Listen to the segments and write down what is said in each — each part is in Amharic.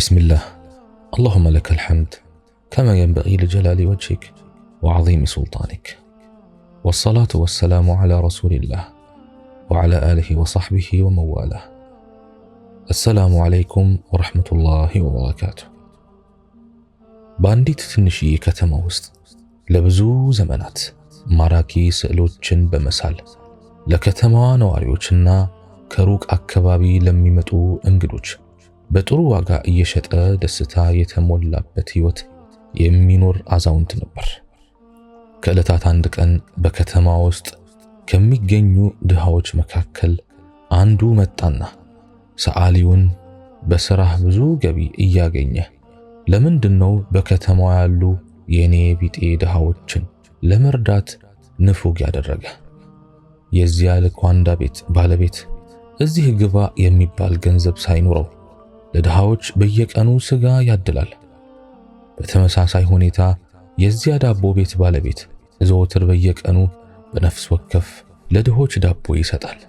بسم الله اللهم لك الحمد كما ينبغي لجلال وجهك وعظيم سلطانك والصلاة والسلام على رسول الله وعلى آله وصحبه ومن السلام عليكم ورحمة الله وبركاته በአንዲት ትንሽዬ ከተማ ውስጥ ለብዙ ዘመናት ማራኪ بمسال በመሳል ለከተማዋ ነዋሪዎችና ከሩቅ አካባቢ ለሚመጡ እንግዶች በጥሩ ዋጋ እየሸጠ ደስታ የተሞላበት ህይወት የሚኖር አዛውንት ነበር። ከዕለታት አንድ ቀን በከተማ ውስጥ ከሚገኙ ድሃዎች መካከል አንዱ መጣና ሰዓሊውን በስራህ ብዙ ገቢ እያገኘ ለምንድነው በከተማው ያሉ የኔ ቢጤ ድሃዎችን ለመርዳት ንፉግ ያደረገ? የዚያ ልኳንዳ ቤት ባለቤት እዚህ ግባ የሚባል ገንዘብ ሳይኖረው ለድሃዎች በየቀኑ ስጋ ያድላል። በተመሳሳይ ሁኔታ የዚያ ዳቦ ቤት ባለቤት ዘወትር በየቀኑ በነፍስ ወከፍ ለድሆች ዳቦ ይሰጣል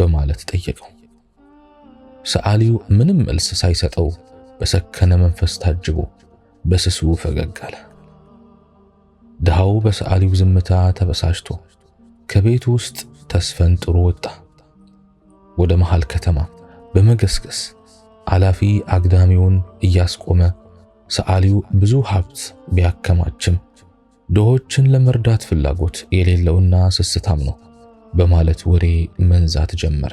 በማለት ጠየቀው። ሰዓሊው ምንም መልስ ሳይሰጠው በሰከነ መንፈስ ታጅቦ በስሱ ፈገግ አለ። ድሃው በሰዓሊው ዝምታ ተበሳጭቶ ከቤት ውስጥ ተስፈንጥሮ ወጣ። ወደ መሃል ከተማ በመገስገስ አላፊ አግዳሚውን እያስቆመ ሰዓሊው ብዙ ሀብት ቢያከማችም ድሆችን ለመርዳት ፍላጎት የሌለውና ስስታም ነው በማለት ወሬ መንዛት ጀመረ።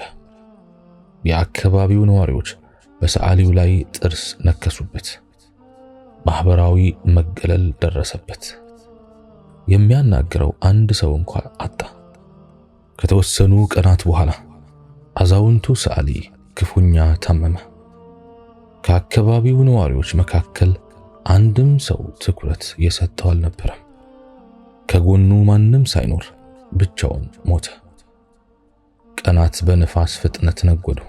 የአካባቢው ነዋሪዎች በሰዓሊው ላይ ጥርስ ነከሱበት። ማህበራዊ መገለል ደረሰበት። የሚያናግረው አንድ ሰው እንኳ አጣ። ከተወሰኑ ቀናት በኋላ አዛውንቱ ሰዓሊ ክፉኛ ታመመ። ከአካባቢው ነዋሪዎች መካከል አንድም ሰው ትኩረት የሰጠው አልነበረም። ከጎኑ ማንም ሳይኖር ብቻውን ሞተ። ቀናት በንፋስ ፍጥነት ነጎዱ።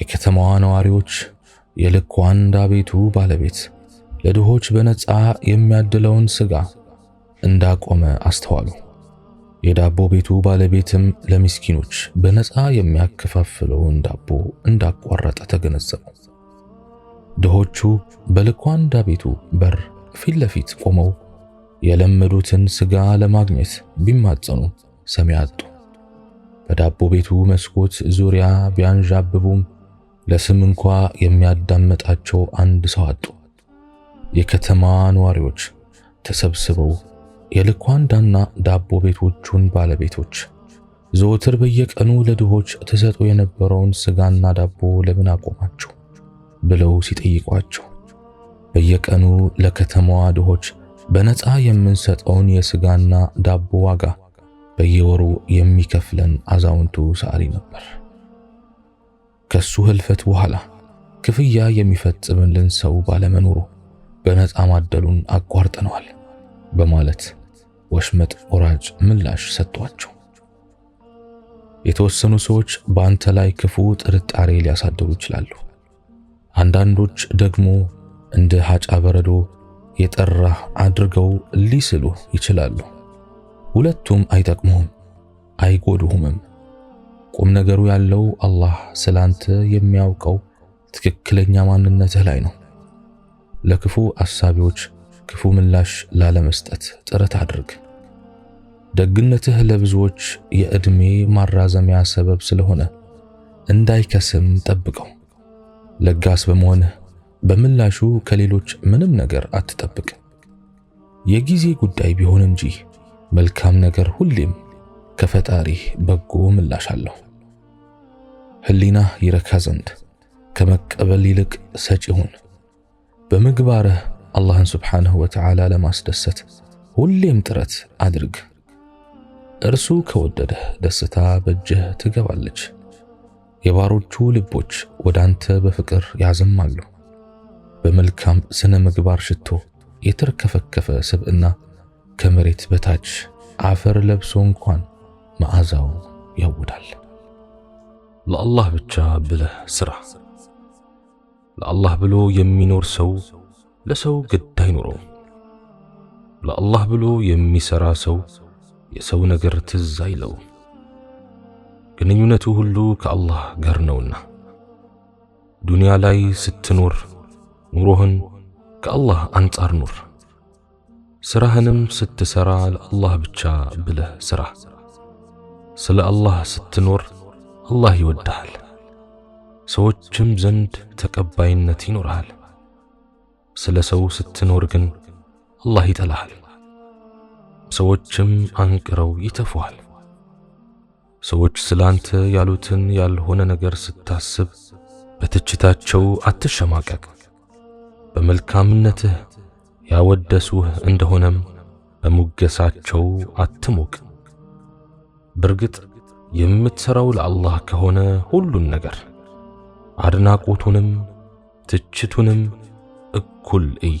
የከተማዋ ነዋሪዎች የልኩ አንዳ ቤቱ ባለቤት ለድሆች በነፃ የሚያድለውን ስጋ እንዳቆመ አስተዋሉ። የዳቦ ቤቱ ባለቤትም ለሚስኪኖች በነፃ የሚያከፋፍለውን ዳቦ እንዳቋረጠ ተገነዘበው። ድሆቹ በልኳንዳ ቤቱ በር ፊት ለፊት ቆመው የለመዱትን ስጋ ለማግኘት ቢማጸኑ ሰሚ አጡ። በዳቦ ቤቱ መስኮት ዙሪያ ቢያንዣብቡም ለስም እንኳ የሚያዳመጣቸው አንድ ሰው አጡ። የከተማ ነዋሪዎች ተሰብስበው የልኳንዳና ዳቦ ቤቶቹን ባለቤቶች ዘወትር በየቀኑ ለድሆች ተሰጥቶ የነበረውን ስጋና ዳቦ ለምን አቆማቸው? ብለው ሲጠይቋቸው በየቀኑ ለከተማዋ ድሆች በነፃ የምንሰጠውን የስጋና ዳቦ ዋጋ በየወሩ የሚከፍለን አዛውንቱ ሰዓሊ ነበር። ከሱ ህልፈት በኋላ ክፍያ የሚፈጽምልን ሰው ባለመኖሩ በነፃ ማደሉን አቋርጠነዋል በማለት ወሽመጥ ወራጅ ምላሽ ሰጥቷቸው፣ የተወሰኑ ሰዎች በአንተ ላይ ክፉ ጥርጣሬ ሊያሳድሩ ይችላሉ አንዳንዶች ደግሞ እንደ ሀጫ በረዶ የጠራ አድርገው ሊስሉ ይችላሉ። ሁለቱም አይጠቅሙህም፣ አይጎዱህምም። ቁም ነገሩ ያለው አላህ ስላንተ የሚያውቀው ትክክለኛ ማንነትህ ላይ ነው። ለክፉ አሳቢዎች ክፉ ምላሽ ላለመስጠት ጥረት አድርግ። ደግነትህ ለብዙዎች የዕድሜ ማራዘሚያ ሰበብ ስለሆነ እንዳይከስም ጠብቀው። ለጋስ በመሆንህ በምላሹ ከሌሎች ምንም ነገር አትጠብቅ። የጊዜ ጉዳይ ቢሆን እንጂ መልካም ነገር ሁሌም ከፈጣሪህ በጎ ምላሽ አለው። ህሊና ይረካ ዘንድ ከመቀበል ይልቅ ሰጪ ሁን። በምግባርህ አላህን ስብሓንሁ ወተዓላ ለማስደሰት ሁሌም ጥረት አድርግ። እርሱ ከወደደህ ደስታ በእጅህ ትገባለች። የባሮቹ ልቦች ወደ አንተ በፍቅር ያዘማሉ። በመልካም ስነ ምግባር ሽቶ የተርከፈከፈ ስብዕና ከመሬት በታች አፈር ለብሶ እንኳን መዓዛው ያውዳል። ለአላህ ብቻ ብለህ ስራ። ለአላህ ብሎ የሚኖር ሰው ለሰው ግድ አይኖረውም። ለአላህ ብሎ የሚሰራ ሰው የሰው ነገር ትዝ አይለው። ግንኙነቱ ሁሉ ከአላህ ጋር ነውና ዱንያ ላይ ስትኖር ኑሮህን ከአላህ አንጻር ኑር። ስራህንም ስትሰራ ለአላህ ብቻ ብለህ ስራ። ስለ አላህ ስትኖር አላህ ይወድሃል፣ ሰዎችም ዘንድ ተቀባይነት ይኖርሃል። ስለ ሰው ስትኖር ግን አላህ ይጠላሃል፣ ሰዎችም አንቅረው ይተፉሃል። ሰዎች አንተ ያሉትን ያልሆነ ነገር ስታስብ በትችታቸው አትሸማቀቅ። በመልካምነትህ ያወደሱህ እንደሆነም በሙገሳቸው አትሞቅ። በርግጥ የምትሰራው ለአላህ ከሆነ ሁሉን ነገር አድናቆቱንም ትችቱንም እኩል እይ።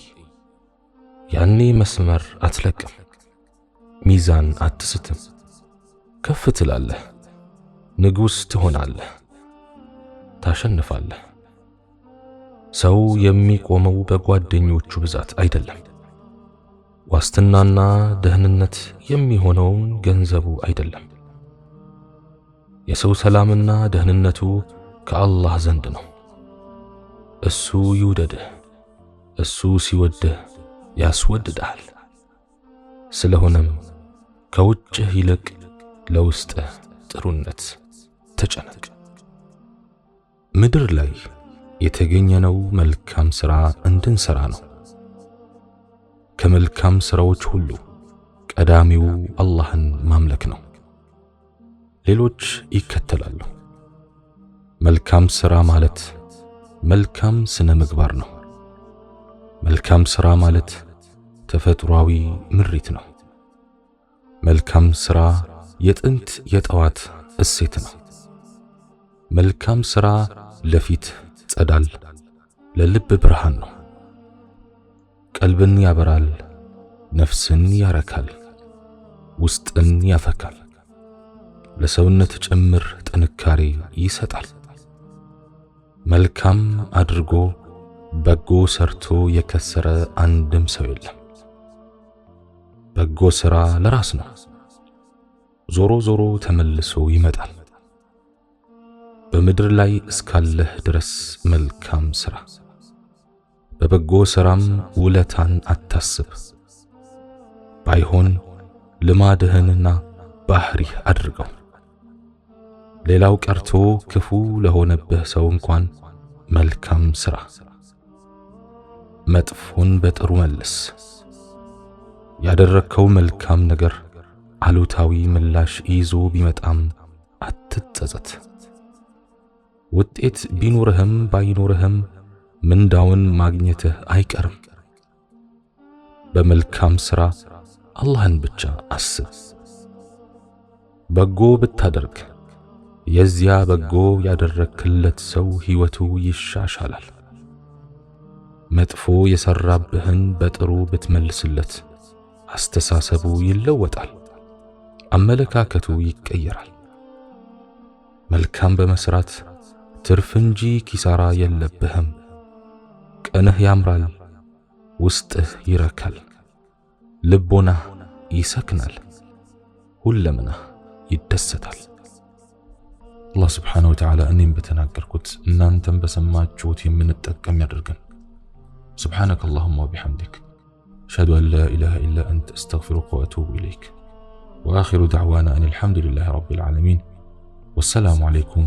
ያኔ መስመር አትለቅም፣ ሚዛን አትስትም፣ ከፍ ትላለህ። ንጉሥ ትሆናለህ፣ ታሸንፋለህ። ሰው የሚቆመው በጓደኞቹ ብዛት አይደለም። ዋስትናና ደህንነት የሚሆነውን ገንዘቡ አይደለም። የሰው ሰላምና ደህንነቱ ከአላህ ዘንድ ነው። እሱ ይውደድህ፣ እሱ ሲወድህ ያስወድድሃል። ስለሆነም ከውጭህ ይልቅ ለውስጥህ ጥሩነት አትጨነቅ። ምድር ላይ የተገኘነው መልካም ሥራ እንድንሠራ ነው። ከመልካም ሥራዎች ሁሉ ቀዳሚው አላህን ማምለክ ነው። ሌሎች ይከተላሉ። መልካም ሥራ ማለት መልካም ስነ ምግባር ነው። መልካም ሥራ ማለት ተፈጥሯዊ ምሪት ነው። መልካም ሥራ የጥንት የጠዋት እሴት ነው። መልካም ሥራ ለፊት ጸዳል ለልብ ብርሃን ነው። ቀልብን ያበራል፣ ነፍስን ያረካል፣ ውስጥን ያፈካል፣ ለሰውነት ጭምር ጥንካሬ ይሰጣል። መልካም አድርጎ በጎ ሰርቶ የከሰረ አንድም ሰው የለም። በጎ ሥራ ለራስ ነው፣ ዞሮ ዞሮ ተመልሶ ይመጣል። በምድር ላይ እስካለህ ድረስ መልካም ሥራ። በበጎ ሥራም ውለታን አታስብ፣ ባይሆን ልማድህንና ባህሪህ አድርገው። ሌላው ቀርቶ ክፉ ለሆነብህ ሰው እንኳን መልካም ሥራ። መጥፎን በጥሩ መልስ። ያደረግከው መልካም ነገር አሉታዊ ምላሽ ይዞ ቢመጣም አትጸጸት። ውጤት ቢኖርህም ባይኖርህም ምንዳውን ማግኘትህ አይቀርም። በመልካም ሥራ አላህን ብቻ አስብ። በጎ ብታደርግ የዚያ በጎ ያደረክለት ሰው ሕይወቱ ይሻሻላል። መጥፎ የሠራብህን በጥሩ ብትመልስለት አስተሳሰቡ ይለወጣል፣ አመለካከቱ ይቀየራል። መልካም በመሥራት ትርፍ እንጂ ኪሳራ የለብህም። ቀንህ ያምራል፣ ውስጥህ ይረካል፣ ልቦናህ ይሰክናል፣ ሁለመናህ ይደሰታል። አላህ ስብሓነሁ ወተዓላ እኔም በተናገርኩት እናንተም በሰማችሁት የምንጠቀም ያደርገን። ሱብሓነከ አላሁማ ወቢሐምዲክ አሽሀዱ አን ላ ኢላሃ ኢላ አንተ አስተግፊሩከ ወአቱቡ ኢለይክ ወአኺሩ ደዕዋና አን አልሐምዱሊላሂ ረቢል ዓለሚን ወሰላሙ ዓለይኩም